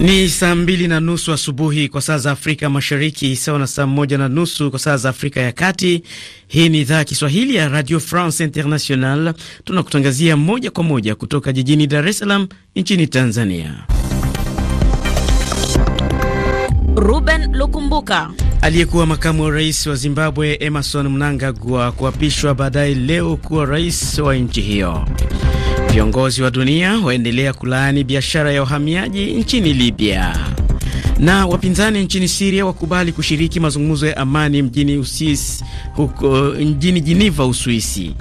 Ni saa mbili na nusu asubuhi kwa saa za Afrika Mashariki, sawa na saa moja na nusu kwa saa za Afrika ya Kati. Hii ni idhaa ya Kiswahili ya Radio France International, tunakutangazia moja kwa moja kutoka jijini Dar es Salaam nchini Tanzania. Ruben Lukumbuka. Aliyekuwa makamu wa rais wa Zimbabwe Emerson Mnangagwa kuapishwa baadaye leo kuwa rais wa nchi hiyo. Viongozi wa dunia waendelea kulaani biashara ya uhamiaji nchini Libya, na wapinzani nchini Siria wakubali kushiriki mazungumzo ya amani mjini eh, Uswisi, huko mjini Jiniva, Uswisi.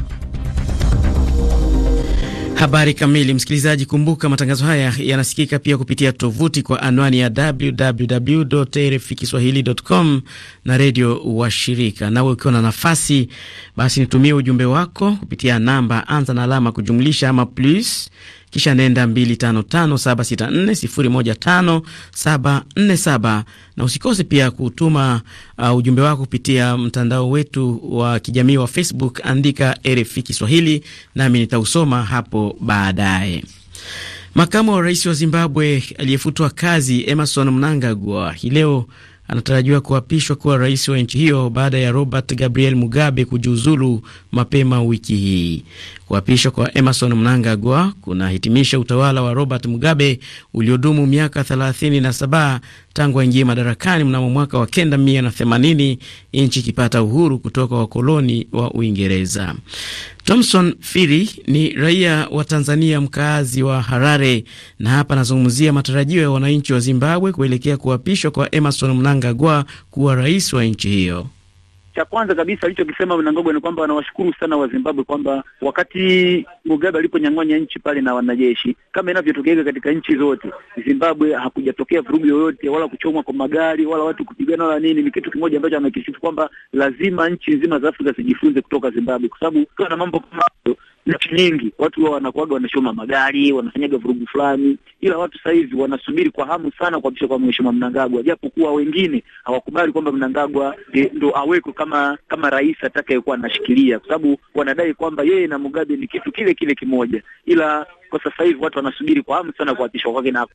Habari kamili, msikilizaji, kumbuka matangazo haya yanasikika pia kupitia tovuti kwa anwani ya www RFI kiswahilicom na redio wa shirika Nawe ukiwa na nafasi, basi nitumie ujumbe wako kupitia namba, anza na alama kujumlisha ama plus kisha nenda 255764015747 na usikose pia kutuma uh, ujumbe wako kupitia mtandao wetu wa kijamii wa Facebook. Andika RFI Kiswahili nami nitausoma hapo baadaye. Makamu wa rais wa Zimbabwe aliyefutwa kazi Emerson Mnangagwa hii leo anatarajiwa kuapishwa kuwa rais wa nchi hiyo baada ya Robert Gabriel Mugabe kujiuzulu mapema wiki hii. Kuapishwa kwa Emerson Mnangagwa kunahitimisha utawala wa Robert Mugabe uliodumu miaka 37 tangu aingie madarakani mnamo mwaka wa 1980 nchi ikipata uhuru kutoka wakoloni wa Uingereza. Thomson Phiri ni raia wa Tanzania, mkaazi wa Harare, na hapa anazungumzia matarajio ya wananchi wa Zimbabwe kuelekea kuapishwa kwa Emerson Mnangagwa kuwa rais wa nchi hiyo. Cha kwanza kabisa alichokisema Mnangagwa ni kwamba wanawashukuru sana Wazimbabwe kwamba wakati Mugabe aliponyang'anya nchi pale na wanajeshi, kama inavyotokea katika nchi zote, Zimbabwe hakujatokea vurugu yoyote, wala kuchomwa kwa magari, wala watu kupigana, wala nini. Ni kitu kimoja ambacho amekishifu kwamba lazima nchi nzima za Afrika zijifunze kutoka Zimbabwe, kwa sababu ukiwa na mambo kama hayo nchi nyingi watu wao wanakuaga wanachoma magari, wanafanyaga vurugu fulani, ila watu sasa hivi wanasubiri kwa hamu sana kuapishwa kwa mheshimiwa Mnangagwa, japo kuwa wengine hawakubali kwamba Mnangagwa e, ndo awekwe kama kama rais atakayekuwa anashikilia, kwa sababu wanadai kwamba yeye na Mugabe ni kitu kile kile kimoja, ila kwa sasa hivi watu wanasubiri kwa hamu sana kuapishwa kwake na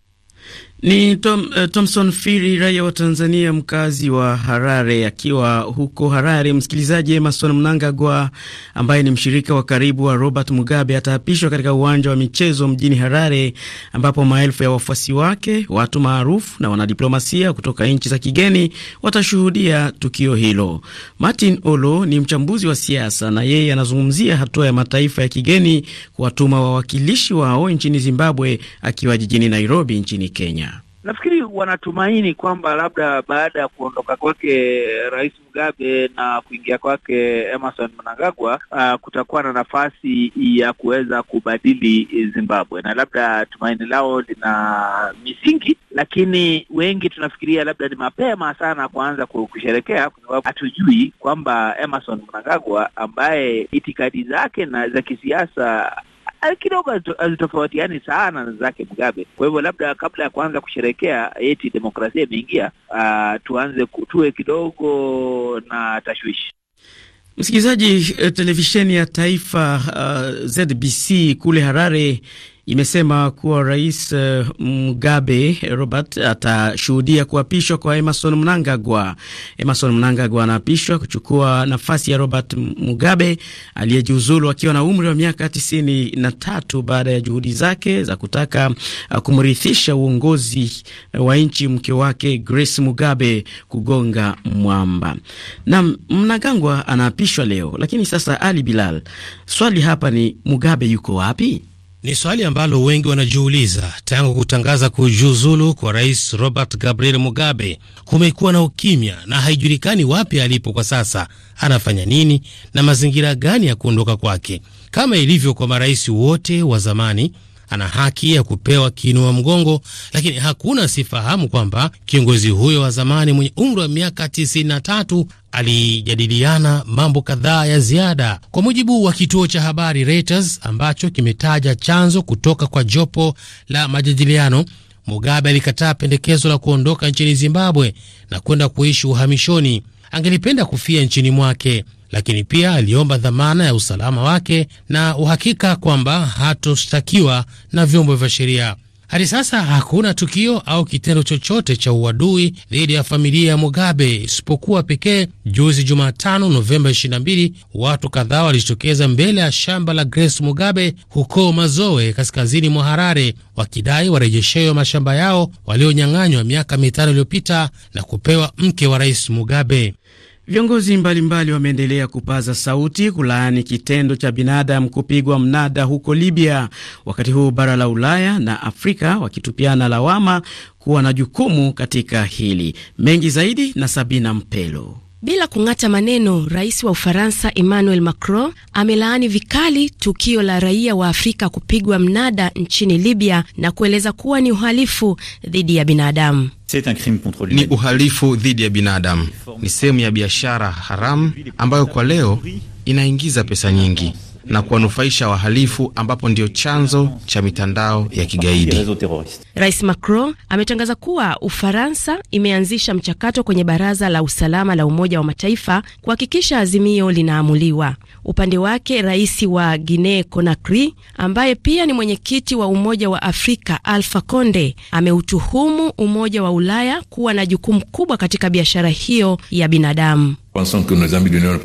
ni Tom, uh, eh, Thomson Firi raia wa Tanzania mkazi wa Harare akiwa huko Harare. Msikilizaji Emerson Mnangagwa ambaye ni mshirika wa karibu wa Robert Mugabe ataapishwa katika uwanja wa michezo mjini Harare ambapo maelfu ya wafuasi wake, watu maarufu na wanadiplomasia kutoka nchi za kigeni watashuhudia tukio hilo. Martin Olo ni mchambuzi wa siasa na yeye anazungumzia hatua ya mataifa ya kigeni kuwatuma wawakilishi wao nchini Zimbabwe akiwa jijini Nairobi nchini nchini Kenya? Nafikiri wanatumaini kwamba labda baada ya kuondoka kwake Rais Mugabe na kuingia kwake Emerson Mnangagwa, uh, kutakuwa na nafasi ya kuweza kubadili Zimbabwe, na labda tumaini lao lina misingi, lakini wengi tunafikiria labda ni mapema sana kuanza kusherekea, kwa sababu hatujui kwamba Emerson Mnangagwa ambaye itikadi zake na za kisiasa kidogo azitofautiani sana na zake mgabe Kwa hivyo labda kabla ya kuanza kusherekea eti demokrasia imeingia, ah, tuanze tuwe kidogo na tashwishi. Msikilizaji, eh, televisheni ya taifa uh, ah, ZBC kule Harare imesema kuwa Rais eh, Mugabe eh, Robert atashuhudia kuapishwa kwa Emerson Mnangagwa. Emerson Mnangagwa anaapishwa kuchukua nafasi ya Robert Mugabe aliyejiuzulu akiwa na umri wa miaka tisini na tatu baada ya juhudi zake za kutaka eh, kumrithisha uongozi wa nchi mke wake Grace Mugabe kugonga mwamba. Na Mnangagwa anaapishwa leo, lakini sasa, Ali Bilal, swali hapa ni Mugabe yuko wapi? Ni swali ambalo wengi wanajiuliza. Tangu kutangaza kujiuzulu kwa Rais Robert Gabriel Mugabe, kumekuwa na ukimya na haijulikani wapi alipo kwa sasa, anafanya nini na mazingira gani ya kuondoka kwake. Kama ilivyo kwa marais wote wa zamani, ana haki ya kupewa kiinua mgongo, lakini hakuna sifahamu kwamba kiongozi huyo wa zamani mwenye umri wa miaka 93 alijadiliana mambo kadhaa ya ziada. Kwa mujibu wa kituo cha habari Reuters ambacho kimetaja chanzo kutoka kwa jopo la majadiliano, Mugabe alikataa pendekezo la kuondoka nchini Zimbabwe na kwenda kuishi uhamishoni. Angelipenda kufia nchini mwake lakini pia aliomba dhamana ya usalama wake na uhakika kwamba hatoshtakiwa na vyombo vya sheria. Hadi sasa hakuna tukio au kitendo chochote cha uadui dhidi ya familia ya Mugabe isipokuwa pekee juzi Jumatano, Novemba 22, watu kadhaa walijitokeza mbele ya shamba la Grace Mugabe huko Mazoe, kaskazini mwa Harare, wakidai warejeshewe mashamba yao walionyang'anywa miaka mitano iliyopita na kupewa mke wa Rais Mugabe. Viongozi mbalimbali wameendelea kupaza sauti kulaani kitendo cha binadamu kupigwa mnada huko Libya, wakati huu bara la Ulaya na Afrika wakitupiana lawama kuwa na jukumu katika hili. Mengi zaidi na Sabina Mpelo. Bila kung'ata maneno, rais wa Ufaransa Emmanuel Macron amelaani vikali tukio la raia wa Afrika kupigwa mnada nchini Libya na kueleza kuwa ni uhalifu dhidi ya binadamu. Ni uhalifu dhidi ya binadamu, ni sehemu ya biashara haramu ambayo kwa leo inaingiza pesa nyingi na kuwanufaisha wahalifu, ambapo ndio chanzo cha mitandao ya kigaidi. Rais Macron ametangaza kuwa Ufaransa imeanzisha mchakato kwenye Baraza la Usalama la Umoja wa Mataifa kuhakikisha azimio linaamuliwa. Upande wake, rais wa Guinea Conakry ambaye pia ni mwenyekiti wa Umoja wa Afrika Alpha Conde ameutuhumu Umoja wa Ulaya kuwa na jukumu kubwa katika biashara hiyo ya binadamu.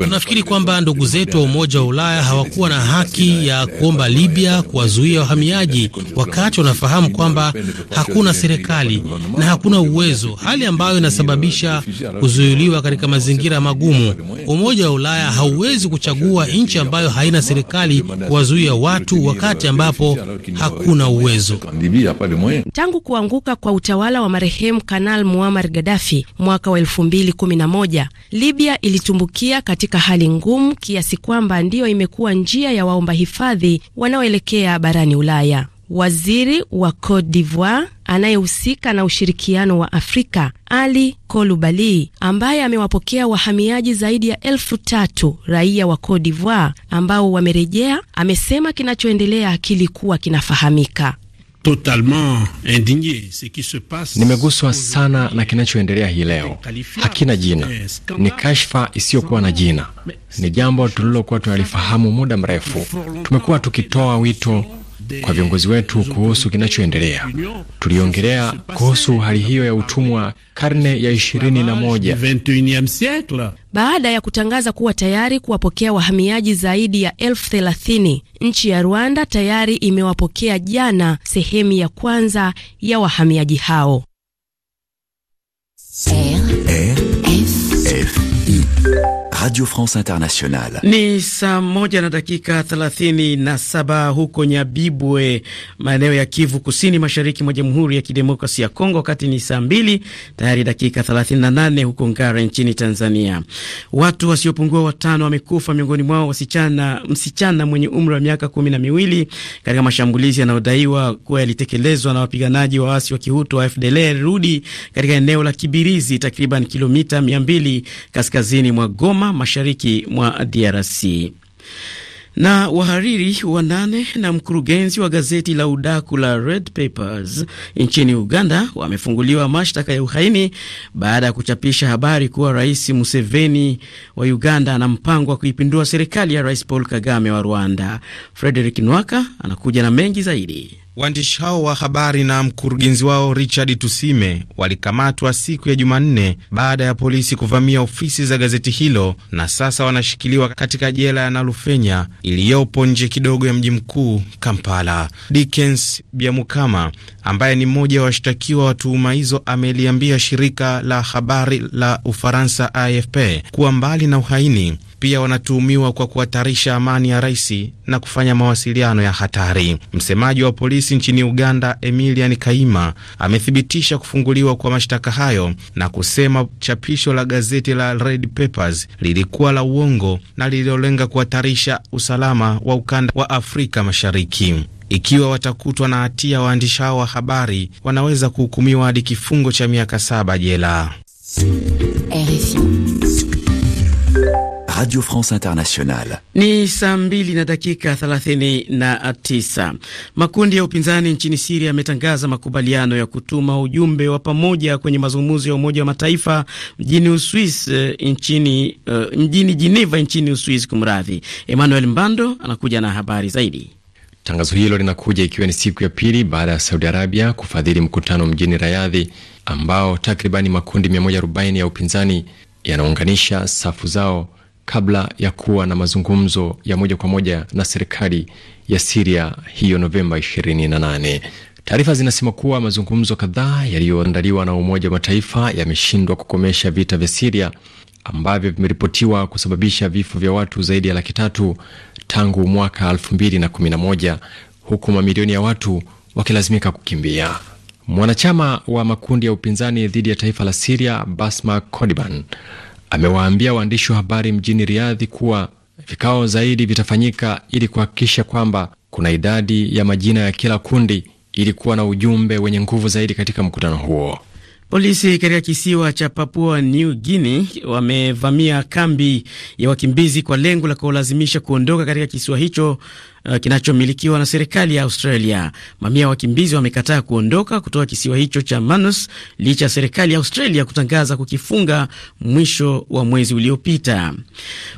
Tunafikiri kwamba ndugu zetu wa Umoja wa Ulaya hawakuwa na haki ya kuomba Libya kuwazuia wahamiaji wakati wanafahamu kwamba hakuna serikali na hakuna uwezo, hali ambayo inasababisha kuzuiliwa katika mazingira magumu. Umoja wa Ulaya hauwezi kuchagua nchi ambayo haina serikali kuwazuia watu wakati ambapo hakuna uwezo. Tangu kuanguka kwa utawala wa marehemu Kanal Muammar Gaddafi mwaka wa 2011 Libya ilitumbukia katika hali ngumu kiasi kwamba ndiyo imekuwa njia ya waomba hifadhi wanaoelekea barani Ulaya. Waziri wa Cote d'Ivoire anayehusika na ushirikiano wa Afrika Ali Kolubali, ambaye amewapokea wahamiaji zaidi ya elfu tatu raia wa Cote d'Ivoire ambao wamerejea, amesema kinachoendelea kilikuwa kinafahamika. Nimeguswa sana na kinachoendelea hii leo. Hakina jina, eh, ni kashfa isiyokuwa na jina, ni jambo tulilokuwa tunalifahamu muda mrefu. Tumekuwa tukitoa wito kwa viongozi wetu kuhusu kinachoendelea. Tuliongelea kuhusu hali hiyo ya utumwa karne ya ishirini na moja. Baada ya kutangaza kuwa tayari kuwapokea wahamiaji zaidi ya elfu thelathini nchi ya Rwanda tayari imewapokea jana sehemu ya kwanza ya wahamiaji hao. Radio France Internationale. Ni saa moja na dakika thelathini na saba huko Nyabibwe, maeneo ya Kivu Kusini, mashariki mwa Jamhuri ya Kidemokrasi ya Kongo, wakati ni saa mbili tayari dakika thelathini na nane huko Ngara nchini Tanzania. Watu wasiopungua watano wamekufa, miongoni mwao wasichana, msichana mwenye umri wa miaka kumi na miwili katika mashambulizi yanayodaiwa kuwa yalitekelezwa na wapiganaji wa waasi wa Kihutu wa FDLR rudi katika eneo la Kibirizi, takriban kilomita mia mbili kaskazini kaskazini mwa Goma, mashariki mwa DRC. Na wahariri wa nane na mkurugenzi wa gazeti la udaku la Red Papers nchini Uganda wamefunguliwa mashtaka ya uhaini baada ya kuchapisha habari kuwa Rais Museveni wa Uganda ana mpango wa kuipindua serikali ya Rais Paul Kagame wa Rwanda. Frederick Nwaka anakuja na mengi zaidi. Waandishi hao wa habari na mkurugenzi wao Richard Tusime walikamatwa siku ya Jumanne baada ya polisi kuvamia ofisi za gazeti hilo na sasa wanashikiliwa katika jela ya Nalufenya iliyopo nje kidogo ya mji mkuu Kampala. Dickens Byamukama ambaye ni mmoja wa washtakiwa wa tuhuma hizo ameliambia shirika la habari la Ufaransa AFP kuwa mbali na uhaini pia wanatuhumiwa kwa kuhatarisha amani ya rais na kufanya mawasiliano ya hatari. Msemaji wa polisi nchini Uganda, Emilian Kaima, amethibitisha kufunguliwa kwa mashtaka hayo na kusema chapisho la gazeti la Red Papers lilikuwa la uongo na lililolenga kuhatarisha usalama wa ukanda wa Afrika Mashariki. Ikiwa watakutwa na hatia, waandishi hao wa habari wanaweza kuhukumiwa hadi kifungo cha miaka saba jela. RFI. Radio France Internationale. Ni saa mbili na dakika 39. Makundi ya upinzani nchini Siria yametangaza makubaliano ya kutuma ujumbe wa pamoja kwenye mazungumzo ya Umoja wa Mataifa mjini Uswis, eh, nchini, uh, mjini Jineva nchini Uswis. Kumradhi, Emmanuel Mbando anakuja na habari zaidi. Tangazo hilo linakuja ikiwa ni siku ya pili baada ya Saudi Arabia kufadhili mkutano mjini Rayadhi ambao takribani makundi 140 ya upinzani yanaunganisha safu zao kabla ya kuwa na mazungumzo ya moja kwa moja na serikali ya Siria hiyo Novemba 28. Taarifa zinasema kuwa mazungumzo kadhaa yaliyoandaliwa na Umoja wa Mataifa yameshindwa kukomesha vita vya Siria ambavyo vimeripotiwa kusababisha vifo vya watu zaidi ya laki tatu tangu mwaka 2011 huku mamilioni ya watu wakilazimika kukimbia. Mwanachama wa makundi ya upinzani dhidi ya taifa la Siria Basma Codiban amewaambia waandishi wa habari mjini Riadhi kuwa vikao zaidi vitafanyika ili kuhakikisha kwamba kuna idadi ya majina ya kila kundi ili kuwa na ujumbe wenye nguvu zaidi katika mkutano huo. Polisi katika kisiwa cha Papua New Guinea wamevamia kambi ya wakimbizi kwa lengo la kuwalazimisha kuondoka katika kisiwa hicho Eh, kinachomilikiwa na serikali ya Australia. Mamia ya wakimbizi wamekataa kuondoka kutoka kisiwa hicho cha Manus licha ya serikali ya Australia kutangaza kukifunga mwisho wa mwezi uliopita.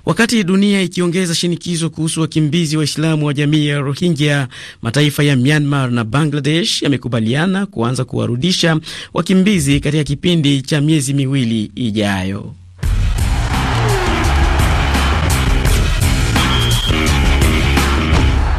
Wakati dunia ikiongeza shinikizo kuhusu wakimbizi Waislamu wa jamii ya Rohingya, mataifa ya Myanmar na Bangladesh yamekubaliana kuanza kuwarudisha wakimbizi katika kipindi cha miezi miwili ijayo.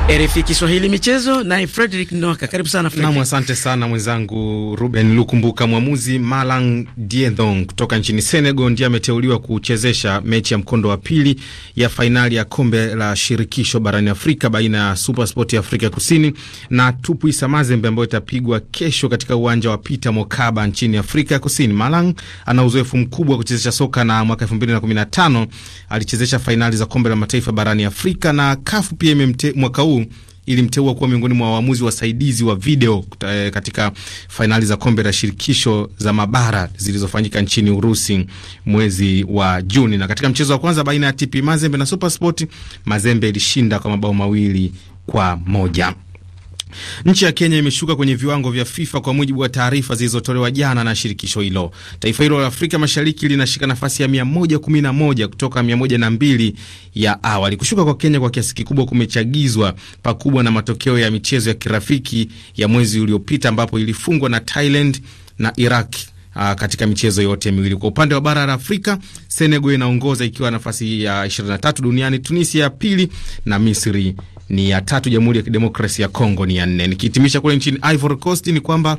RFI Kiswahili michezo, naye Frederick Noka. Karibu sana Frederick. Naam, asante sana mwenzangu Ruben Lukumbuka. Mwamuzi Malang Diedhong kutoka nchini Senegal ndiye ameteuliwa kuchezesha mechi ya mkondo wa pili ya fainali ya kombe la shirikisho barani Afrika baina ya SuperSport ya Afrika Kusini na Tupuisa Mazembe ambayo itapigwa kesho katika uwanja wa Peter Mokaba nchini Afrika Kusini. Malang ana uzoefu mkubwa wa kuchezesha soka na mwaka 2015 alichezesha fainali za kombe la mataifa barani Afrika na kafu pia mwaka huu mkuu ilimteua kuwa miongoni mwa waamuzi wasaidizi wa video eh, katika fainali za kombe la shirikisho za mabara zilizofanyika nchini Urusi mwezi wa Juni. Na katika mchezo wa kwanza baina ya TP Mazembe na SuperSport, Mazembe ilishinda kwa mabao mawili kwa moja. Nchi ya Kenya imeshuka kwenye viwango vya FIFA kwa mujibu wa taarifa zilizotolewa jana na shirikisho hilo. Taifa hilo la Afrika Mashariki linashika nafasi ya 111 kutoka 102 ya awali. Kushuka kwa Kenya kwa kiasi kikubwa kumechagizwa pakubwa na matokeo ya michezo ya kirafiki ya mwezi uliopita ambapo ilifungwa na Thailand na Iraq. Uh, katika michezo yote miwili. Kwa upande wa bara la Afrika, Senegal inaongoza ikiwa nafasi ya 23 duniani, Tunisia ya pili na Misri ni ya tatu, Jamhuri ya Kidemokrasia ya Kongo ni ya nne. Nikihitimisha kule nchini Ivory Coast ni kwamba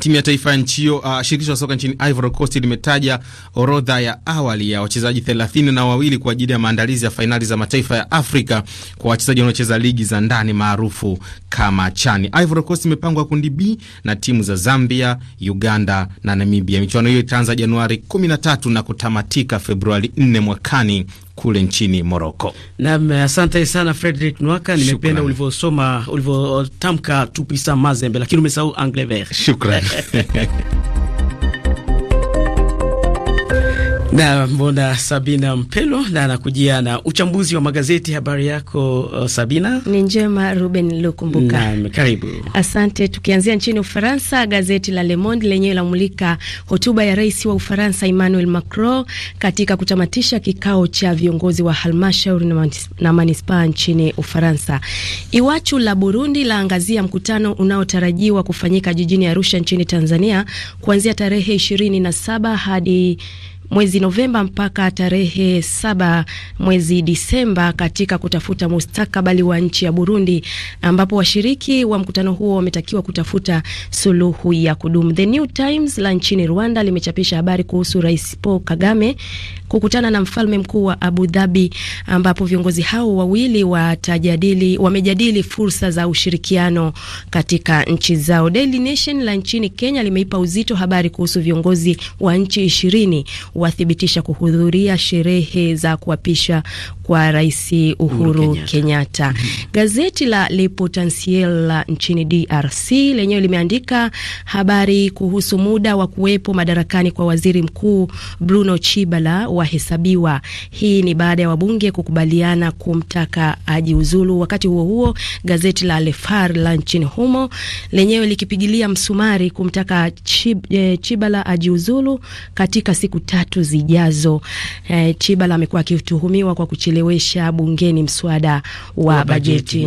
timu ya taifa ya nchi hiyo uh, shirikisho la soka nchini Ivory Coast limetaja orodha ya awali ya wachezaji thelathini na wawili kwa ajili ya maandalizi ya fainali za mataifa ya Afrika kwa wachezaji wanaocheza ligi za ndani maarufu kama Chani. Ivory Coast imepangwa kundi B na timu za Zambia, Uganda na Namibia. Michuano hiyo itaanza Januari 13 na kutamatika Februari 4 mwakani kule nchini Moroko. Nam, asante sana Frederick Nwaka, nimependa ulivyosoma ulivyotamka tupisa Mazembe, lakini umesahau Angleterre. Shukran. na mbona Sabina Mpelo na anakujia na uchambuzi wa magazeti. Habari yako uh, Sabina? Ni njema Ruben Lukumbuka. Naam, karibu. Asante. Tukianzia nchini Ufaransa, gazeti la Le Monde lenyewe lamulika hotuba ya rais wa Ufaransa Emmanuel Macron katika kutamatisha kikao cha viongozi wa halmashauri na manispaa nchini Ufaransa. Iwachu la Burundi laangazia mkutano unaotarajiwa kufanyika jijini Arusha nchini Tanzania kuanzia tarehe 27 hadi mwezi Novemba mpaka tarehe saba mwezi Disemba katika kutafuta mustakabali wa nchi ya Burundi, ambapo washiriki wa mkutano huo wametakiwa kutafuta suluhu ya kudumu. The New Times la nchini Rwanda limechapisha habari kuhusu Rais Paul Kagame kukutana na mfalme mkuu wa Abu Dhabi, ambapo viongozi hao wawili watajadili, wamejadili fursa za ushirikiano katika nchi zao. Daily Nation la nchini Kenya limeipa uzito habari kuhusu viongozi wa nchi ishirini wathibitisha kuhudhuria sherehe za kuapisha kwa Rais Uhuru Kenyatta. Mm -hmm. Gazeti la Le Potentiel nchini DRC lenyewe limeandika habari kuhusu muda wa kuwepo madarakani kwa waziri mkuu Bruno Chibala wahesabiwa. Hii ni baada ya wabunge kukubaliana kumtaka ajiuzulu. Wakati huo huo, gazeti la Le Far la nchini humo lenyewe likipigilia msumari kumtaka Chib, eh, Chibala ajiuzulu katika siku tatu tatu zijazo. Eh, Chibala amekuwa akituhumiwa kwa kuchelewesha bungeni mswada wa bajeti.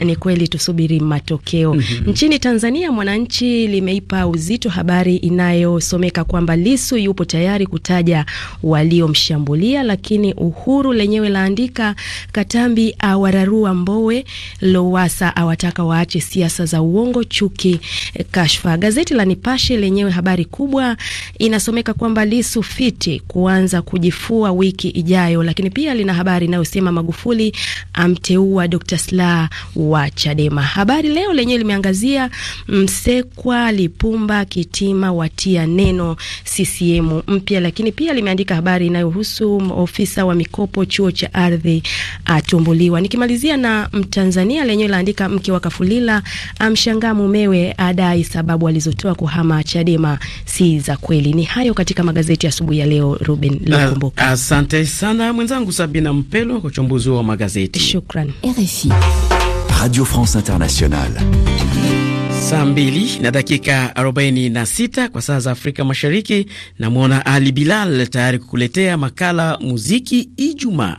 Ni kweli, tusubiri matokeo. mm -hmm. Nchini Tanzania, Mwananchi limeipa uzito habari inayosomeka kwamba Lisu yupo tayari kutaja waliomshambulia, lakini Uhuru lenyewe laandika Katambi awararua Mbowe, Lowasa awataka waache siasa za uongo, chuki, eh, kashfa. Gazeti la Nipashe lenyewe habari kubwa inasomeka kwamba Lisu fiti kuanza kujifua wiki ijayo, lakini pia lina habari inayosema Magufuli amteua Dr. Sla wa Chadema. Habari Leo lenyewe limeangazia Msekwa, Lipumba, Kitima watia neno CCM mpya, lakini pia limeandika habari inayohusu ofisa wa mikopo chuo cha ardhi atumbuliwa. Nikimalizia na Mtanzania lenyewe laandika mke wa Kafulila amshangaa mumewe adai sababu alizotoa kuhama Chadema si za kweli. Ni hayo katika magazeti asubuhi ya, ya leo Ruben Lukumbuka. Asante sana mwenzangu Sabina Mpelo kwa uchambuzi wa magazeti. Shukran. RFI. Radio France Internationale. Saa mbili na dakika 46 kwa saa za Afrika Mashariki, namwona Ali Bilal tayari kukuletea makala muziki Ijumaa.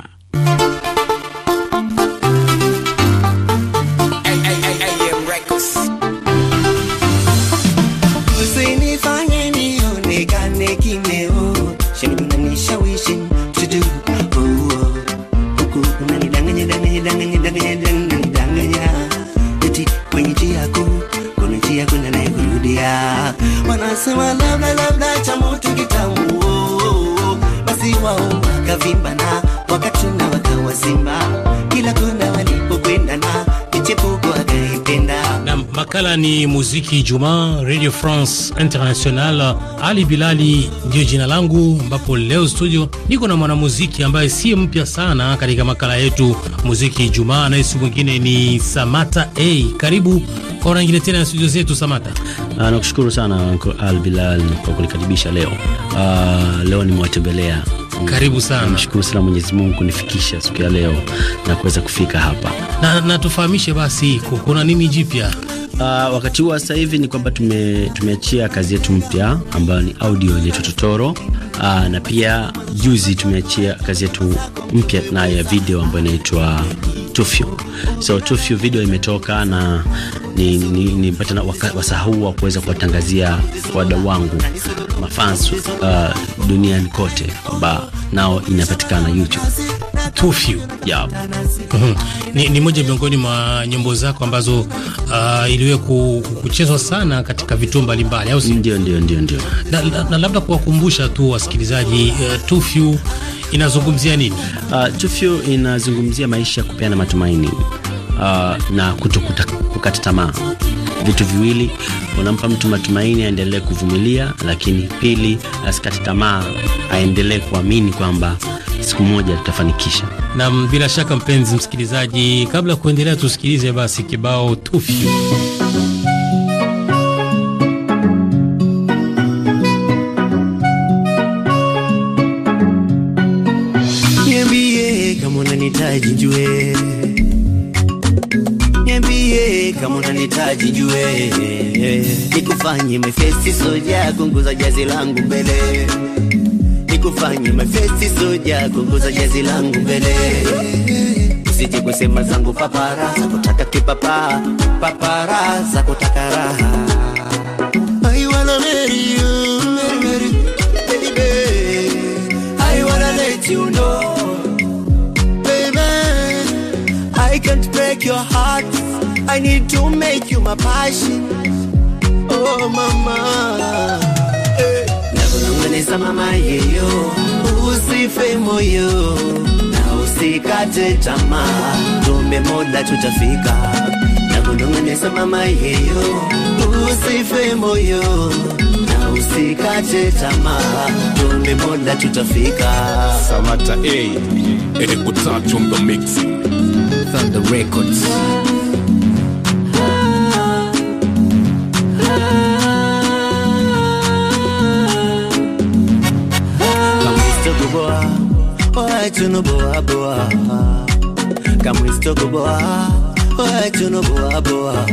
makala ni muziki Jumaa, Radio France International. Ali Bilali ndiyo jina langu, ambapo leo studio niko na mwanamuziki ambaye si mpya sana katika makala yetu muziki Jumaa, na isi mwingine ni Samata A hey, karibu mara nyingine tena na studio zetu Samata. Uh, nakushukuru sana Uncle Al Bilal kwa kunikaribisha leo. Uh, leo nimewatembelea karibu sana. Namshukuru sana Mwenyezi Mungu kunifikisha siku ya leo na kuweza kufika hapa. Na, na tufahamishe basi kuna nini jipya? Uh, wakati huu sasa hivi ni kwamba tume, tumeachia kazi yetu mpya ambayo ni audio inaitwa Totoro. Uh, ah, na pia juzi tumeachia kazi yetu mpya nayo ya video ambayo inaitwa Tufyu. So Tufyu video imetoka na nipata ni, ni wasahau wa kuweza kuwatangazia wadau wangu mafans uh, duniani kote kwamba nao inapatikana YouTube. Pufyu yeah. mm -hmm. Ni, ni moja miongoni mwa nyimbo zako ambazo uh, iliwe kuchezwa sana katika vituo mbalimbali au si? Ndio, ndio, ndio, ndio. Na, na, na labda kuwakumbusha tu wasikilizaji uh, Tufyu inazungumzia nini? Uh, Tufyu inazungumzia maisha ya kupeana matumaini uh, na kutokukata tamaa vitu viwili, unampa mtu matumaini aendelee kuvumilia, lakini pili, asikate tamaa, aendelee kuamini kwamba siku moja tutafanikisha. Na bila shaka, mpenzi msikilizaji, kabla ya kuendelea, tusikilize basi kibao tufyu Nikufanye mafesi soja kunguza jazi langu mbele Nikufanye mafesi soja kunguza jazi langu mbele Usije kusema zangu papara zako taka kipapa papara zako taka raha I wanna marry you marry, marry, baby I wanna let you know baby I can't break your heart I need to make you my passion oh mama eh. hey. mama yeyo, usife moyo na usikate tamaa, tume mola tutafika. Nakunong'oneza mama yeyo, usife moyo na usikate tamaa, tume mola tutafika. Samata A, hey. Elikutatu mix Thunder Records tunuboa boa kama istoko boa wewe tunuboa boa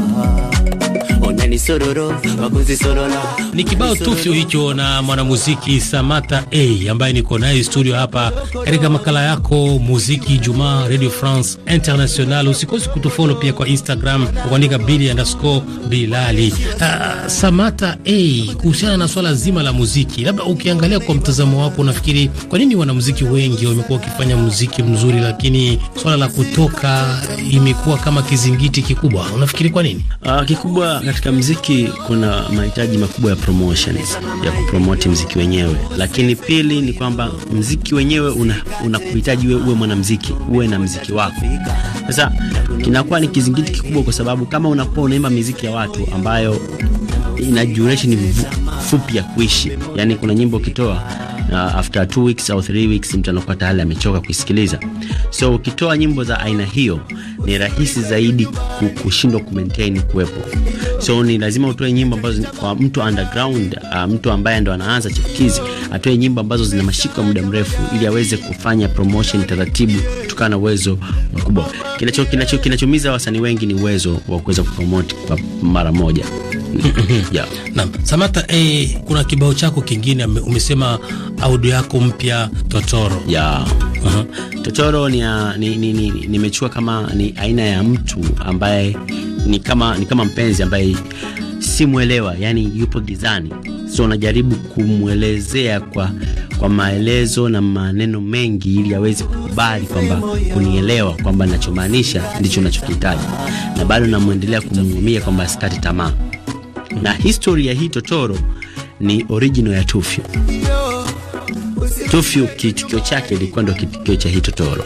ni kibao tufyo hicho na mwanamuziki Samata A ambaye niko naye studio hapa katika makala yako muziki juma Radio France International. Usikose kutufollow pia kwa Instagram kwa kuandika bili underscore bilali. Uh, Samata A, kuhusiana na swala zima la muziki, labda ukiangalia kwa mtazamo wako, unafikiri kwa nini wanamuziki wengi wamekuwa wakifanya muziki mzuri, lakini swala la kutoka imekuwa kama kizingiti kikubwa? Unafikiri kwa nini? Uh, kikubwa katika mziki kuna mahitaji makubwa ya promotion, ya kupromoti mziki wenyewe, lakini pili ni kwamba mziki wenyewe unakuhitaji una uwe mwanamziki, uwe na mziki wako. Sasa kinakuwa ni kizingiti kikubwa, kwa sababu kama unakuwa unaimba miziki ya watu ambayo ina duration fupi ya kuishi, yani kuna nyimbo ukitoa uh, after two weeks au three weeks mtu anakuwa tayari amechoka kuisikiliza. So ukitoa nyimbo za aina hiyo ni rahisi zaidi kushindwa kumaintain kuwepo. So ni lazima utoe nyimbo ambazo kwa mtu underground, uh, mtu ambaye ndo anaanza chipukizi atoe nyimbo ambazo zina mashiko ya muda mrefu, ili aweze kufanya promotion taratibu, kutokana na uwezo mkubwa. Kinachomiza kinacho, kinacho wasanii wengi ni uwezo wa kuweza kupromote kwa mara moja. yeah. Naam, Samata, eh, kuna kibao chako kingine umesema audio yako mpya Totoro. Yeah. Uh -huh. Totoro ni nimechukua ni, ni, kama ni aina ya mtu ambaye ni kama, ni kama mpenzi ambaye simwelewa yani yupo gizani, so najaribu kumwelezea kwa kwa maelezo na maneno mengi ili aweze kukubali kwamba kunielewa kwamba ninachomaanisha ndicho ninachokihitaji, na bado namwendelea kumwumia kwamba sikati tamaa na historia ya hii totoro ni original ya Tufyu. Tufyu kichukio chake ilikuwa ndo kichukio cha hii totoro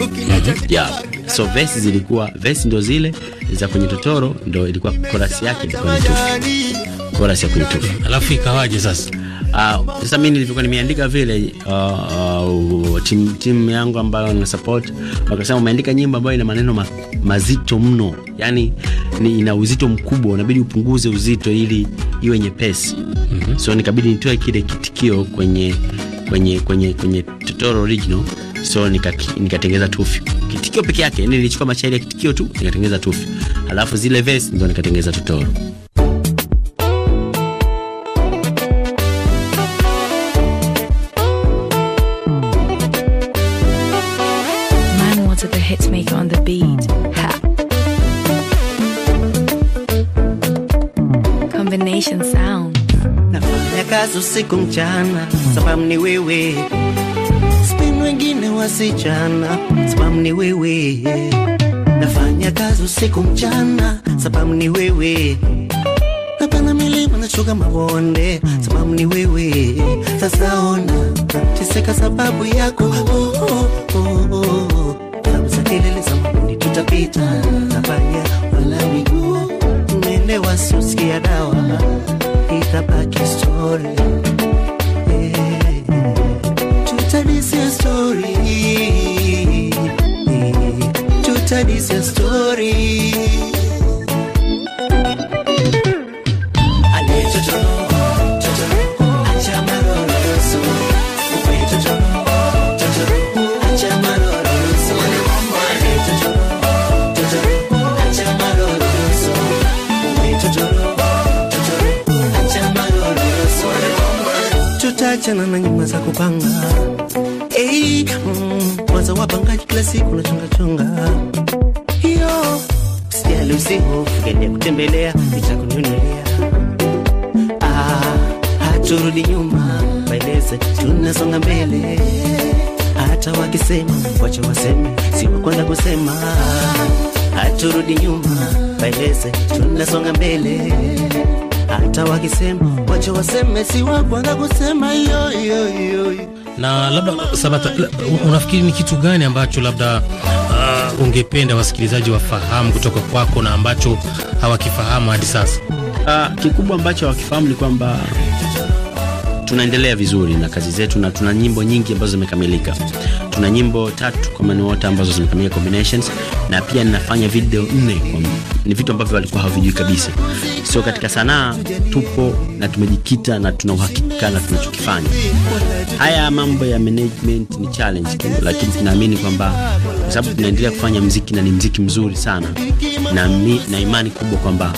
mhm. yeah. So vesi zilikuwa vesi ndo zile za kwenye totoro, ndo ilikuwa korasi yake ilikuwa ni Tufyu, korasi ya kwenye Tufyu. Alafu ikawaje sasa? Ah, sasa mimi nilivyokuwa nimeandika vile uh, uh, tim yangu ambayo na support wakasema, umeandika nyimbo ambayo ina maneno ma, mazito mno, yani ni ina uzito mkubwa, unabidi upunguze uzito ili iwe nyepesi. mm -hmm. So nikabidi nitoe kile kitikio kwenye kwenye kwenye kwenye tutorial original, so nikatengeza nika tufi kitikio peke yake, nilichukua mashairi ya kitikio tu nikatengeza tufi, alafu zile verse ndo nikatengeza Totoro. Station Sound. Nafanya kazi usiku mchana, sababu ni wewe. Spin wengine wasichana, sababu ni wewe. Nafanya kazi usiku mchana, sababu ni wewe. Napanda milima nashuka mabonde, sababu ni wewe. Sasa ona, teseka sababu yako. Oh, oh, oh, oh. oh. kelele za makundi tutapita, nafanya wengine wasusikia dawa itabaki stori ya story. stori ya stori achana na nyuma za kupanga hey, mm, mwaza wapangaji kila siku na chongachonga hiyo sijali usiku kende kutembelea nitakununulia ah, haturudi nyuma maeleze tunasonga mbele hata wakisema wacha waseme si kwanza kusema haturudi nyuma maeleze tunasonga mbele hata wakisema wacha waseme, si wako kwanza kusema hiyo hiyo hiyo. Na labda Sabata, unafikiri ni kitu gani ambacho labda uh, ungependa wasikilizaji wafahamu kutoka kwako na ambacho hawakifahamu hadi sasa? Uh, kikubwa ambacho hawakifahamu ni kwamba tunaendelea vizuri na kazi zetu, na tuna nyimbo nyingi ambazo zimekamilika. Tuna nyimbo tatu kwa maana ambazo zimekamilika combinations, na pia ninafanya video nne. Ni vitu ambavyo walikuwa hawavijui kabisa. So katika sanaa tupo na tumejikita na tuna uhakika na tunachokifanya. Haya mambo ya management ni challenge, lakini tunaamini kwamba kwa sababu tunaendelea kufanya mziki na ni mziki mzuri sana, na, mi, na imani kubwa kwamba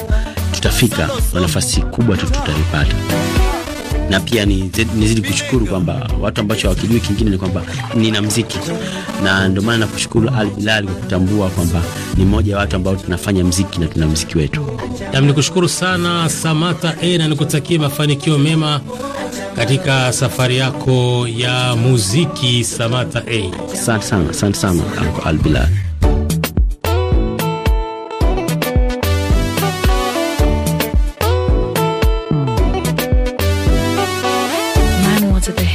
tutafika na nafasi kubwa tu tutaipata na pia nizidi kushukuru kwamba watu ambacho hawakijui, kingine ni kwamba nina mziki, na ndio maana nakushukuru Ali Bilali kwa kutambua kwamba ni mmoja wa watu ambao tunafanya mziki na tuna mziki wetu. ni nikushukuru sana Samata e, na nikutakie mafanikio mema katika safari yako ya muziki Samata e. Asante sana, asante sana Ali Bilali.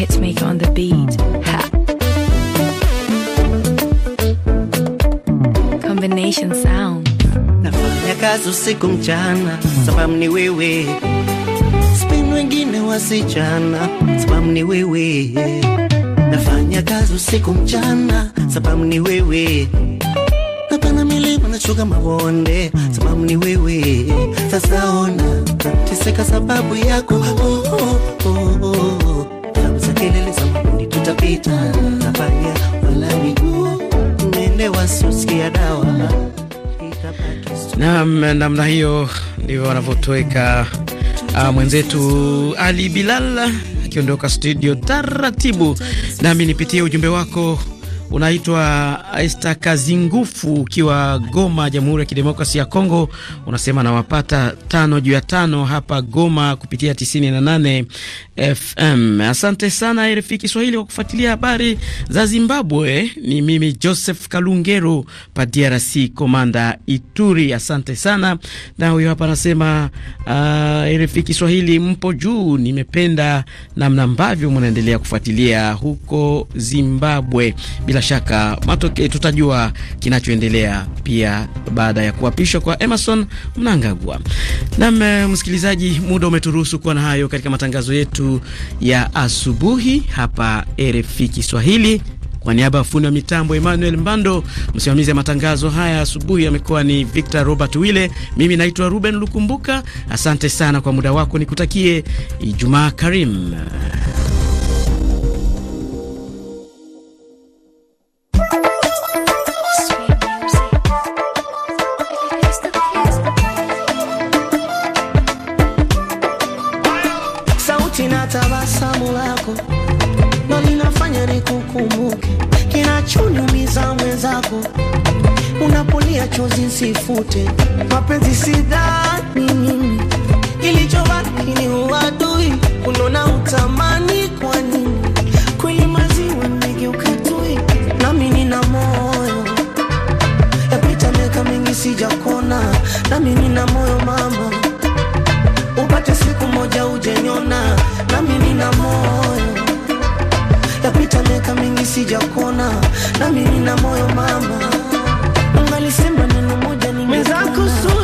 hits maker on the beat. Ha. Combination sound. Nafanya kazi usiku mchana, sababu ni wewe. Spin wengine wasichana, sababu ni wewe. Nafanya kazi usiku mchana, sababu ni wewe. Napana milima na shuka mabonde, sababu ni wewe. Sasa ona, teseka sababu yako. Oh, oh, oh, oh. oh kelele za tutapita wala miguu dawa nam namna hiyo ndivyo wanavyotoweka uh, ah, mwenzetu Ali Bilal akiondoka studio taratibu, nami nipitie ujumbe wako Unaitwa Aista Kazingufu ukiwa Goma, Jamhuri ya Kidemokrasi ya Kongo, unasema nawapata tano juu ya tano hapa Goma kupitia 98 FM. Asante sana RFI Kiswahili kwa kufuatilia habari za Zimbabwe. Ni mimi Joseph Kalungero pa DRC, Komanda Ituri. Asante sana. Na huyo hapa anasema uh, RFI Kiswahili mpo juu, nimependa namna ambavyo mnaendelea kufuatilia huko Zimbabwe bila shaka matokeo tutajua kinachoendelea pia baada ya kuapishwa kwa Emerson Mnangagwa. Nam eh, msikilizaji, muda umeturuhusu kuwa na hayo katika matangazo yetu ya asubuhi hapa RFI Kiswahili. Kwa niaba ya fundi wa mitambo Emmanuel Mbando, msimamizi wa matangazo haya asubuhi amekuwa ni Victor Robert Wille. Mimi naitwa Ruben Lukumbuka. Asante sana kwa muda wako, nikutakie Ijumaa Karim. ukumbuke kinachoniumiza mwenzako, unapolia chozi sifute, mapenzi sidhani nini kilichobaki ni uadui, kunona utamani kwa nini kweli maziwa ukatui tui, nami nina moyo yapita miaka mingi sijakona, nami nina moyo mama, upate siku moja ujeniona, nami nina moyo nimepita miaka mingi sijakuona, na mimi na moyo mama, ungalisema neno moja ningekuona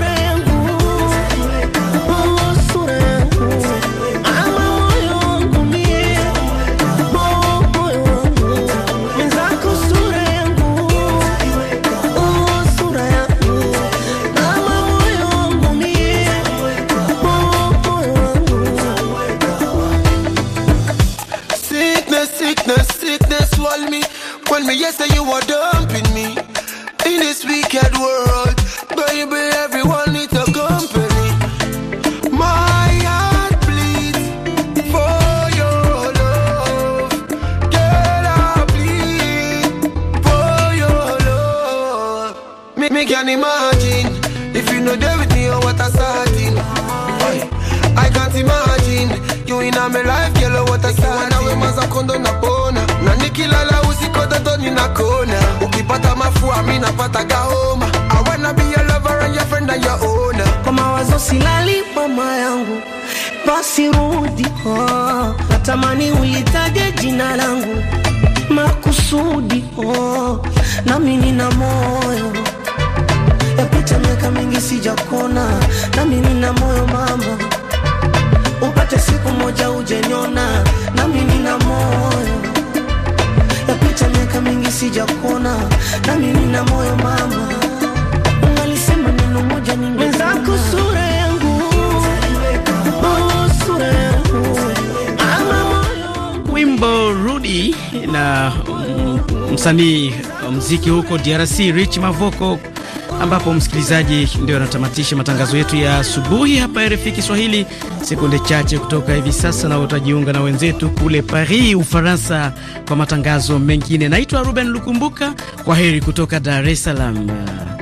natamani uitaje jina langu makusudi, oh, nami nina moyo yapita miaka mingi sijakona, nami nina moyo mama, upate siku moja ujeniona, nami nina moyo yapita miaka mingi sijakona, nami nina moyo mama, ungalisema neno moja ningezakusura Mambo Rudi na msanii wa mziki huko DRC Rich Mavoko, ambapo msikilizaji, ndio anatamatisha matangazo yetu ya asubuhi hapa RFI Kiswahili. Sekunde chache kutoka hivi sasa, na utajiunga na wenzetu kule Paris, Ufaransa, kwa matangazo mengine. Naitwa Ruben Lukumbuka, kwa heri kutoka Dar es Salaam.